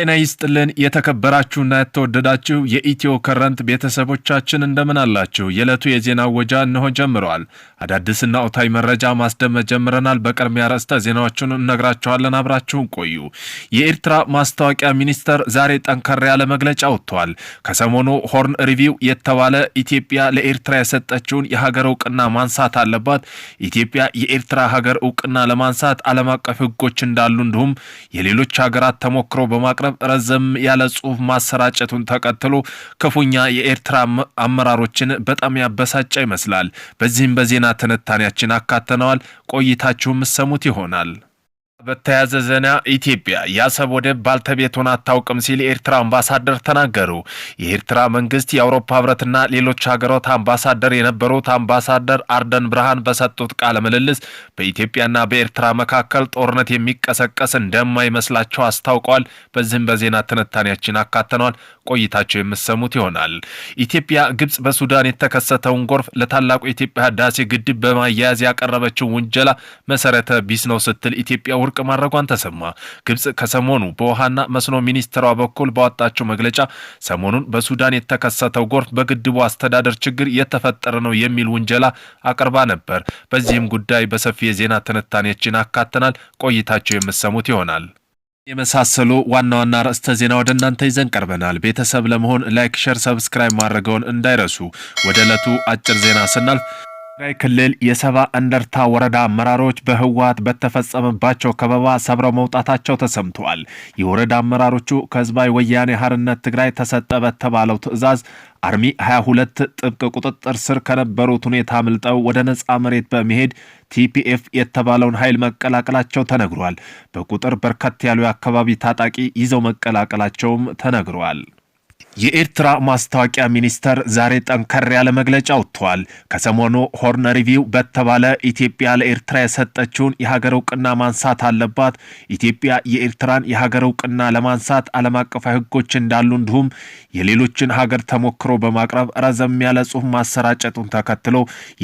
ጤና ይስጥልን የተከበራችሁና የተወደዳችሁ የኢትዮ ከረንት ቤተሰቦቻችን እንደምን አላችሁ? የዕለቱ የዜና ወጃ እንሆ ጀምረዋል። አዳዲስና ኦታዊ መረጃ ማስደመጥ ጀምረናል። በቅድሚያ ርዕሰ ዜናዎችን እነግራችኋለን። አብራችሁን ቆዩ። የኤርትራ ማስታወቂያ ሚኒስተር ዛሬ ጠንከር ያለ መግለጫ ወጥቷል። ከሰሞኑ ሆርን ሪቪው የተባለ ኢትዮጵያ ለኤርትራ የሰጠችውን የሀገር እውቅና ማንሳት አለባት፣ ኢትዮጵያ የኤርትራ ሀገር እውቅና ለማንሳት ዓለም አቀፍ ሕጎች እንዳሉ እንዲሁም የሌሎች ሀገራት ተሞክሮ በማቅረብ ረዘም ያለ ጽሁፍ ማሰራጨቱን ተከትሎ ክፉኛ የኤርትራ አመራሮችን በጣም ያበሳጫ ይመስላል። በዚህም በዜና ትንታኔያችን አካተነዋል። ቆይታችሁ የምትሰሙት ይሆናል። በተያዘ ዜና ኢትዮጵያ የአሰብ ወደብ ባልተቤት ሆና አታውቅም ሲል የኤርትራ አምባሳደር ተናገሩ። የኤርትራ መንግስት የአውሮፓ ህብረትና ሌሎች ሀገሮት አምባሳደር የነበሩት አምባሳደር አርደን ብርሃን በሰጡት ቃለ ምልልስ በኢትዮጵያና በኤርትራ መካከል ጦርነት የሚቀሰቀስ እንደማይመስላቸው አስታውቀዋል። በዚህም በዜና ትንታኔያችን አካተነዋል። ቆይታቸው የምሰሙት ይሆናል። ኢትዮጵያ ግብጽ በሱዳን የተከሰተውን ጎርፍ ለታላቁ የኢትዮጵያ ህዳሴ ግድብ በማያያዝ ያቀረበችው ውንጀላ መሰረተ ቢስ ነው ስትል ኢትዮጵያ ውርቅ ዝቅ ማድረጓን ተሰማ። ግብጽ ከሰሞኑ በውሃና መስኖ ሚኒስትሯ በኩል ባወጣቸው መግለጫ ሰሞኑን በሱዳን የተከሰተው ጎርፍ በግድቡ አስተዳደር ችግር የተፈጠረ ነው የሚል ውንጀላ አቅርባ ነበር። በዚህም ጉዳይ በሰፊ የዜና ትንታኔችን አካተናል። ቆይታቸው የምሰሙት ይሆናል። የመሳሰሉ ዋና ዋና ርዕስተ ዜና ወደ እናንተ ይዘን ቀርበናል። ቤተሰብ ለመሆን ላይክ፣ ሸር፣ ሰብስክራይብ ማድረገውን እንዳይረሱ። ወደ ዕለቱ አጭር ዜና ስናልፍ ትግራይ ክልል የሰባ እንደርታ ወረዳ አመራሮች በህወሀት በተፈጸመባቸው ከበባ ሰብረው መውጣታቸው ተሰምተዋል። የወረዳ አመራሮቹ ከህዝባዊ ወያኔ ሀርነት ትግራይ ተሰጠ በተባለው ትዕዛዝ አርሚ 22 ጥብቅ ቁጥጥር ስር ከነበሩት ሁኔታ አምልጠው ወደ ነፃ መሬት በመሄድ ቲፒኤፍ የተባለውን ኃይል መቀላቀላቸው ተነግሯል። በቁጥር በርከት ያሉ የአካባቢ ታጣቂ ይዘው መቀላቀላቸውም ተነግሯል። የኤርትራ ማስታወቂያ ሚኒስተር ዛሬ ጠንከር ያለ መግለጫ ወጥቷል። ከሰሞኑ ሆርን ሪቪው በተባለ ኢትዮጵያ ለኤርትራ የሰጠችውን የሀገር እውቅና ማንሳት አለባት፣ ኢትዮጵያ የኤርትራን የሀገር እውቅና ለማንሳት ዓለም አቀፋዊ ሕጎች እንዳሉ እንዲሁም የሌሎችን ሀገር ተሞክሮ በማቅረብ ረዘም ያለ ጽሑፍ ማሰራጨቱን ተከትሎ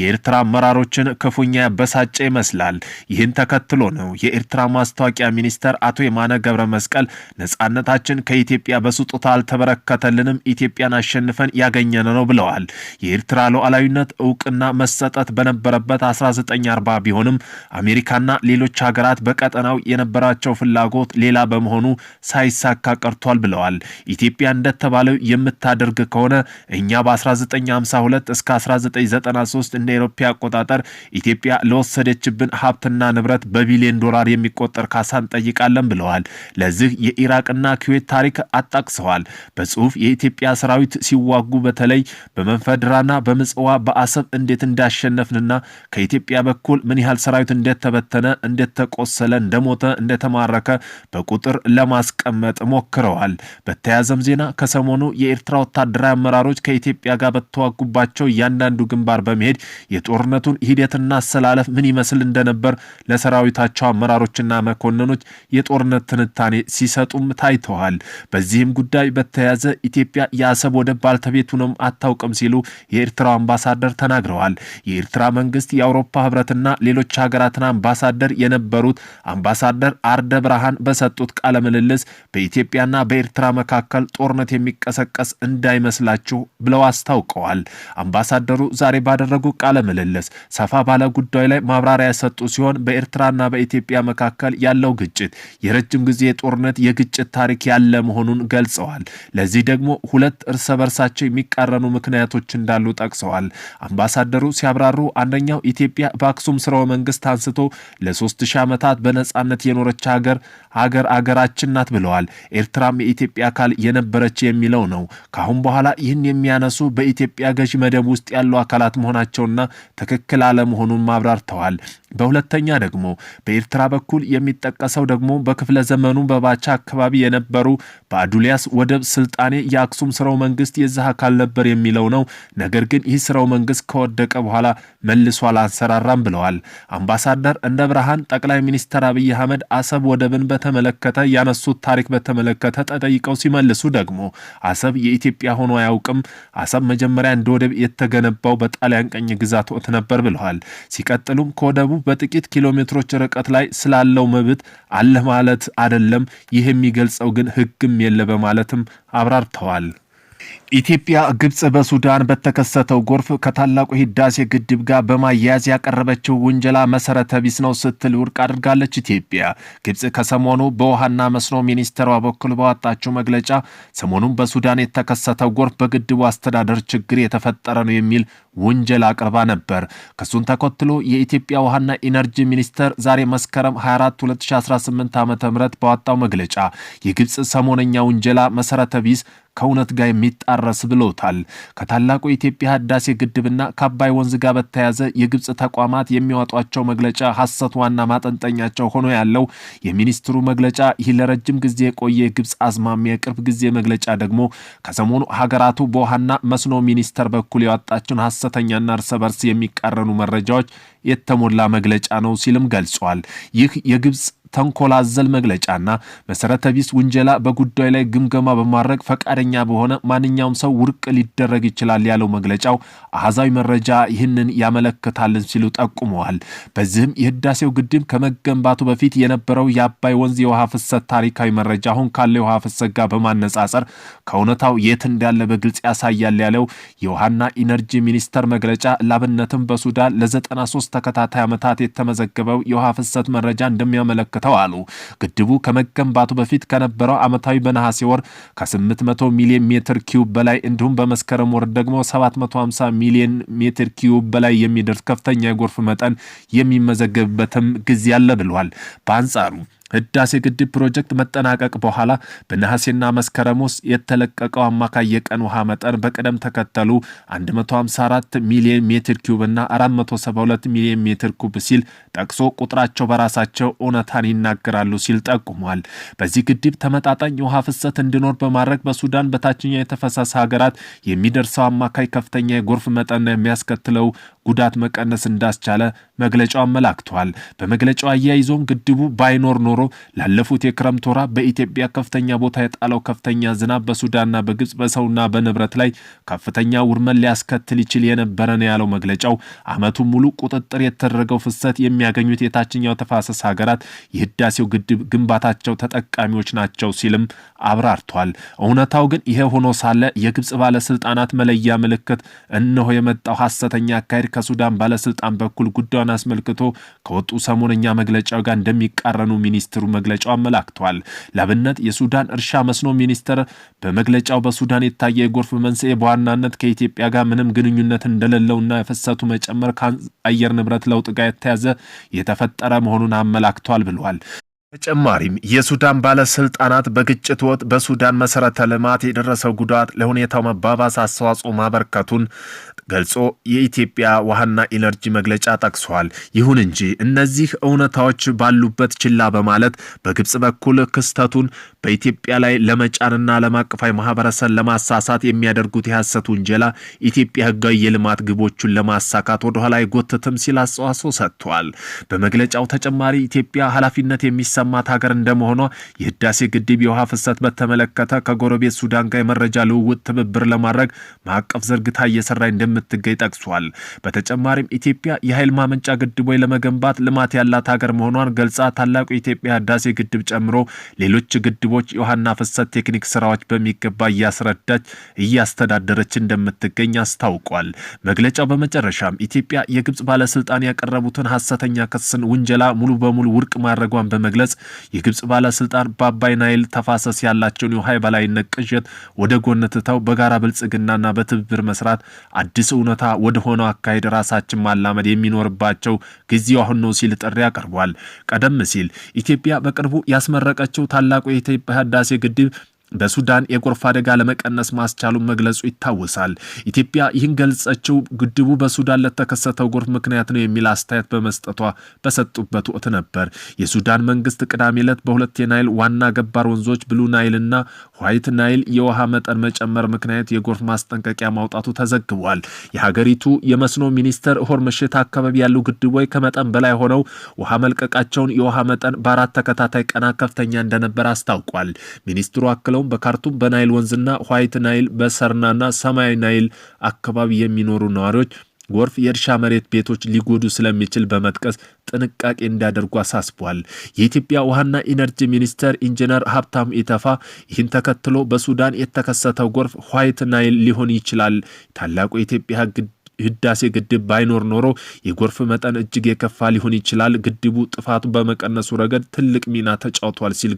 የኤርትራ አመራሮችን ክፉኛ ያበሳጨ ይመስላል። ይህን ተከትሎ ነው የኤርትራ ማስታወቂያ ሚኒስተር አቶ የማነ ገብረ መስቀል ነጻነታችን ከኢትዮጵያ በስጦታ አልተበረከተ ተሳክቶልንም ኢትዮጵያን አሸንፈን ያገኘነ ነው ብለዋል። የኤርትራ ሉዓላዊነት እውቅና መሰጠት በነበረበት 1940 ቢሆንም አሜሪካና ሌሎች ሀገራት በቀጠናው የነበራቸው ፍላጎት ሌላ በመሆኑ ሳይሳካ ቀርቷል ብለዋል። ኢትዮጵያ እንደተባለው የምታደርግ ከሆነ እኛ በ1952 እስከ 1993 እንደ ኤሮፓ አቆጣጠር ኢትዮጵያ ለወሰደችብን ሀብትና ንብረት በቢሊዮን ዶላር የሚቆጠር ካሳ እንጠይቃለን ብለዋል። ለዚህ የኢራቅና ኩዌት ታሪክ አጣቅሰዋል። በጽሁፍ የኢትዮጵያ ሰራዊት ሲዋጉ በተለይ በመንፈድራና በምጽዋ በአሰብ እንዴት እንዳሸነፍንና ከኢትዮጵያ በኩል ምን ያህል ሰራዊት እንደተበተነ፣ እንደተቆሰለ፣ እንደሞተ፣ እንደተማረከ በቁጥር ለማስቀመጥ ሞክረዋል። በተያያዘም ዜና ከሰሞኑ የኤርትራ ወታደራዊ አመራሮች ከኢትዮጵያ ጋር በተዋጉባቸው እያንዳንዱ ግንባር በመሄድ የጦርነቱን ሂደትና አሰላለፍ ምን ይመስል እንደነበር ለሰራዊታቸው አመራሮችና መኮንኖች የጦርነት ትንታኔ ሲሰጡም ታይተዋል። በዚህም ጉዳይ በተያያዘ ኢትዮጵያ የአሰብ ወደብ ባልተቤቱንም አታውቅም ሲሉ የኤርትራው አምባሳደር ተናግረዋል። የኤርትራ መንግስት የአውሮፓ ህብረትና ሌሎች ሀገራትን አምባሳደር የነበሩት አምባሳደር አርደ ብርሃን በሰጡት ቃለ ምልልስ በኢትዮጵያና በኤርትራ መካከል ጦርነት የሚቀሰቀስ እንዳይመስላችሁ ብለው አስታውቀዋል። አምባሳደሩ ዛሬ ባደረጉ ቃለ ምልልስ ሰፋ ባለ ጉዳይ ላይ ማብራሪያ የሰጡ ሲሆን በኤርትራና በኢትዮጵያ መካከል ያለው ግጭት የረጅም ጊዜ የጦርነት የግጭት ታሪክ ያለ መሆኑን ገልጸዋል። ለዚህ ደግሞ ደግሞ ሁለት እርስ በርሳቸው የሚቃረኑ ምክንያቶች እንዳሉ ጠቅሰዋል። አምባሳደሩ ሲያብራሩ አንደኛው ኢትዮጵያ በአክሱም ስርወ መንግስት አንስቶ ለሶስት ሺህ ዓመታት በነጻነት የኖረች ሀገር ሀገር አገራችን ናት ብለዋል። ኤርትራም የኢትዮጵያ አካል የነበረች የሚለው ነው። ከአሁን በኋላ ይህን የሚያነሱ በኢትዮጵያ ገዢ መደብ ውስጥ ያሉ አካላት መሆናቸውና ትክክል አለመሆኑን አብራርተዋል። በሁለተኛ ደግሞ በኤርትራ በኩል የሚጠቀሰው ደግሞ በክፍለ ዘመኑ በባቻ አካባቢ የነበሩ በአዱሊያስ ወደብ ስልጣኔ የአክሱም ስራው መንግስት የዚህ አካል ነበር የሚለው ነው። ነገር ግን ይህ ስራው መንግስት ከወደቀ በኋላ መልሶ አላንሰራራም ብለዋል። አምባሳደር እንደ ብርሃን ጠቅላይ ሚኒስትር አብይ አህመድ አሰብ ወደብን በተመለከተ ያነሱት ታሪክ በተመለከተ ተጠይቀው ሲመልሱ ደግሞ አሰብ የኢትዮጵያ ሆኖ አያውቅም፣ አሰብ መጀመሪያ እንደ ወደብ የተገነባው በጣሊያን ቀኝ ግዛት ወቅት ነበር ብለዋል። ሲቀጥሉም ከወደቡ በጥቂት ኪሎ ሜትሮች ርቀት ላይ ስላለው መብት አለ ማለት አይደለም፣ ይህ የሚገልጸው ግን ህግም የለ በማለትም አብራርተዋል። ተገኝተዋል። ኢትዮጵያ ግብጽ በሱዳን በተከሰተው ጎርፍ ከታላቁ ህዳሴ ግድብ ጋር በማያያዝ ያቀረበችው ውንጀላ መሰረተ ቢስ ነው ስትል ውድቅ አድርጋለች። ኢትዮጵያ ግብጽ ከሰሞኑ በውሃና መስኖ ሚኒስቴሯ በኩል ባወጣችው መግለጫ ሰሞኑን በሱዳን የተከሰተው ጎርፍ በግድቡ አስተዳደር ችግር የተፈጠረ ነው የሚል ውንጀላ አቅርባ ነበር። ከሱን ተከትሎ የኢትዮጵያ ውሃና ኢነርጂ ሚኒስቴር ዛሬ መስከረም 24 2018 ዓ ም ባወጣው መግለጫ የግብጽ ሰሞነኛ ውንጀላ መሰረተ ቢስ ከእውነት ጋር የሚጣረስ ብሎታል ከታላቁ የኢትዮጵያ ህዳሴ ግድብና ከአባይ ወንዝ ጋር በተያያዘ የግብፅ ተቋማት የሚያወጧቸው መግለጫ ሐሰት ዋና ማጠንጠኛቸው ሆኖ ያለው የሚኒስትሩ መግለጫ ይህ ለረጅም ጊዜ የቆየ የግብፅ አዝማሚያ፣ የቅርብ ጊዜ መግለጫ ደግሞ ከሰሞኑ ሀገራቱ በውሃና መስኖ ሚኒስቴር በኩል ያወጣቸውን ሐሰተኛና እርስ በርስ የሚቃረኑ መረጃዎች የተሞላ መግለጫ ነው ሲልም ገልጿል። ይህ የግብፅ ተንኮል አዘል መግለጫና መሰረተ ቢስ ውንጀላ በጉዳዩ ላይ ግምገማ በማድረግ ፈቃደኛ በሆነ ማንኛውም ሰው ውድቅ ሊደረግ ይችላል ያለው መግለጫው አሃዛዊ መረጃ ይህንን ያመለክታልን ሲሉ ጠቁመዋል። በዚህም የህዳሴው ግድብ ከመገንባቱ በፊት የነበረው የአባይ ወንዝ የውሃ ፍሰት ታሪካዊ መረጃ አሁን ካለው የውሃ ፍሰት ጋር በማነጻጸር ከእውነታው የት እንዳለ በግልጽ ያሳያል ያለው የውሃና ኢነርጂ ሚኒስቴር መግለጫ ላብነትም በሱዳን ለ93 ተከታታይ ዓመታት የተመዘገበው የውሃ ፍሰት መረጃ እንደሚያመለክት ተመልክተው አሉ። ግድቡ ከመገንባቱ በፊት ከነበረው ዓመታዊ በነሐሴ ወር ከ800 ሚሊዮን ሜትር ኪዩብ በላይ እንዲሁም በመስከረም ወር ደግሞ 750 ሚሊዮን ሜትር ኪዩብ በላይ የሚደርስ ከፍተኛ የጎርፍ መጠን የሚመዘገብበትም ጊዜ አለ ብለዋል። በአንጻሩ ህዳሴ ግድብ ፕሮጀክት መጠናቀቅ በኋላ በነሐሴና መስከረም ውስጥ የተለቀቀው አማካይ የቀን ውሃ መጠን በቅደም ተከተሉ 154 ሚሊዮን ሜትር ኪዩብ እና 472 ሚሊዮን ሜትር ኩብ ሲል ጠቅሶ ቁጥራቸው በራሳቸው እውነታን ይናገራሉ ሲል ጠቁሟል። በዚህ ግድብ ተመጣጣኝ የውሃ ፍሰት እንዲኖር በማድረግ በሱዳን በታችኛው የተፈሰሰ ሀገራት የሚደርሰው አማካይ ከፍተኛ የጎርፍ መጠን የሚያስከትለው ጉዳት መቀነስ እንዳስቻለ መግለጫው አመላክቷል። በመግለጫው አያይዞም ግድቡ ባይኖር ኖሮ ላለፉት የክረምት ወራ በኢትዮጵያ ከፍተኛ ቦታ የጣለው ከፍተኛ ዝናብ በሱዳንና በግብፅ በሰውና በንብረት ላይ ከፍተኛ ውድመት ሊያስከትል ይችል የነበረ ነው ያለው መግለጫው ዓመቱን ሙሉ ቁጥጥር የተደረገው ፍሰት የሚያገኙት የታችኛው ተፋሰስ ሀገራት የህዳሴው ግድብ ግንባታቸው ተጠቃሚዎች ናቸው ሲልም አብራርቷል። እውነታው ግን ይሄ ሆኖ ሳለ የግብፅ ባለስልጣናት መለያ ምልክት እነሆ የመጣው ሐሰተኛ አካሄድ ከሱዳን ባለስልጣን በኩል ጉዳዩን አስመልክቶ ከወጡ ሰሞነኛ መግለጫ ጋር እንደሚቃረኑ ሚኒስትሩ መግለጫው አመላክቷል። ለአብነት የሱዳን እርሻ መስኖ ሚኒስትር በመግለጫው በሱዳን የታየ የጎርፍ መንስኤ በዋናነት ከኢትዮጵያ ጋር ምንም ግንኙነት እንደሌለውና የፍሰቱ መጨመር ከአየር ንብረት ለውጥ ጋር የተያዘ የተፈጠረ መሆኑን አመላክቷል ብሏል። ተጨማሪም የሱዳን ባለስልጣናት በግጭት ወቅት በሱዳን መሰረተ ልማት የደረሰው ጉዳት ለሁኔታው መባባስ አስተዋጽኦ ማበርከቱን ገልጾ የኢትዮጵያ ውሃና ኢነርጂ መግለጫ ጠቅሷል። ይሁን እንጂ እነዚህ እውነታዎች ባሉበት ችላ በማለት በግብፅ በኩል ክስተቱን በኢትዮጵያ ላይ ለመጫንና ዓለም አቀፋዊ ማህበረሰብ ለማሳሳት የሚያደርጉት የሐሰት ውንጀላ ኢትዮጵያ ህጋዊ የልማት ግቦቹን ለማሳካት ወደኋላ አይጎትትም ሲል አስተዋጽኦ ሰጥቷል። በመግለጫው ተጨማሪ ኢትዮጵያ ኃላፊነት የሚሰ የሚሰማት ሀገር እንደመሆኗ የህዳሴ ግድብ የውሃ ፍሰት በተመለከተ ከጎረቤት ሱዳን ጋር የመረጃ ልውውጥ ትብብር ለማድረግ ማዕቀፍ ዘርግታ እየሰራ እንደምትገኝ ጠቅሷል። በተጨማሪም ኢትዮጵያ የኃይል ማመንጫ ግድቦች ለመገንባት ልማት ያላት ሀገር መሆኗን ገልጻ ታላቁ የኢትዮጵያ ህዳሴ ግድብ ጨምሮ ሌሎች ግድቦች የውሃና ፍሰት ቴክኒክ ስራዎች በሚገባ እያስረዳች እያስተዳደረች እንደምትገኝ አስታውቋል። መግለጫው በመጨረሻም ኢትዮጵያ የግብፅ ባለስልጣን ያቀረቡትን ሀሰተኛ ክስን ውንጀላ ሙሉ በሙሉ ውድቅ ማድረጓን በመግለጽ የግብፅ ባለስልጣን በአባይ ናይል ተፋሰስ ያላቸውን የውሃ የበላይነት ቅዠት ወደ ጎን ትተው በጋራ ብልጽግናና በትብብር መስራት አዲስ እውነታ ወደ ሆነው አካሄድ ራሳችን ማላመድ የሚኖርባቸው ጊዜው አሁን ነው ሲል ጥሪ አቅርቧል። ቀደም ሲል ኢትዮጵያ በቅርቡ ያስመረቀችው ታላቁ የኢትዮጵያ ህዳሴ ግድብ በሱዳን የጎርፍ አደጋ ለመቀነስ ማስቻሉን መግለጹ ይታወሳል። ኢትዮጵያ ይህን ገልጸችው ግድቡ በሱዳን ለተከሰተው ጎርፍ ምክንያት ነው የሚል አስተያየት በመስጠቷ በሰጡበት ወቅት ነበር። የሱዳን መንግስት ቅዳሜ ዕለት በሁለት የናይል ዋና ገባር ወንዞች ብሉ ናይልና ዋይት ናይል የውሃ መጠን መጨመር ምክንያት የጎርፍ ማስጠንቀቂያ ማውጣቱ ተዘግቧል። የሀገሪቱ የመስኖ ሚኒስትር ሆር ምሽት አካባቢ ያሉ ግድቦች ከመጠን በላይ ሆነው ውሃ መልቀቃቸውን የውሃ መጠን በአራት ተከታታይ ቀናት ከፍተኛ እንደነበር አስታውቋል። ሚኒስትሩ አክለው በተጨማሪውም በካርቱም በናይል ወንዝና ዋይት ናይል በሰርናና ሰማያዊ ናይል አካባቢ የሚኖሩ ነዋሪዎች ጎርፍ የእርሻ መሬት ቤቶች ሊጎዱ ስለሚችል በመጥቀስ ጥንቃቄ እንዲያደርጉ አሳስቧል። የኢትዮጵያ ውሃና ኢነርጂ ሚኒስተር ኢንጂነር ሀብታሙ ኢተፋ ይህን ተከትሎ በሱዳን የተከሰተው ጎርፍ ዋይት ናይል ሊሆን ይችላል ታላቁ የኢትዮጵያ ህዳሴ ግድብ ባይኖር ኖሮ የጎርፍ መጠን እጅግ የከፋ ሊሆን ይችላል። ግድቡ ጥፋቱ በመቀነሱ ረገድ ትልቅ ሚና ተጫውቷል ሲል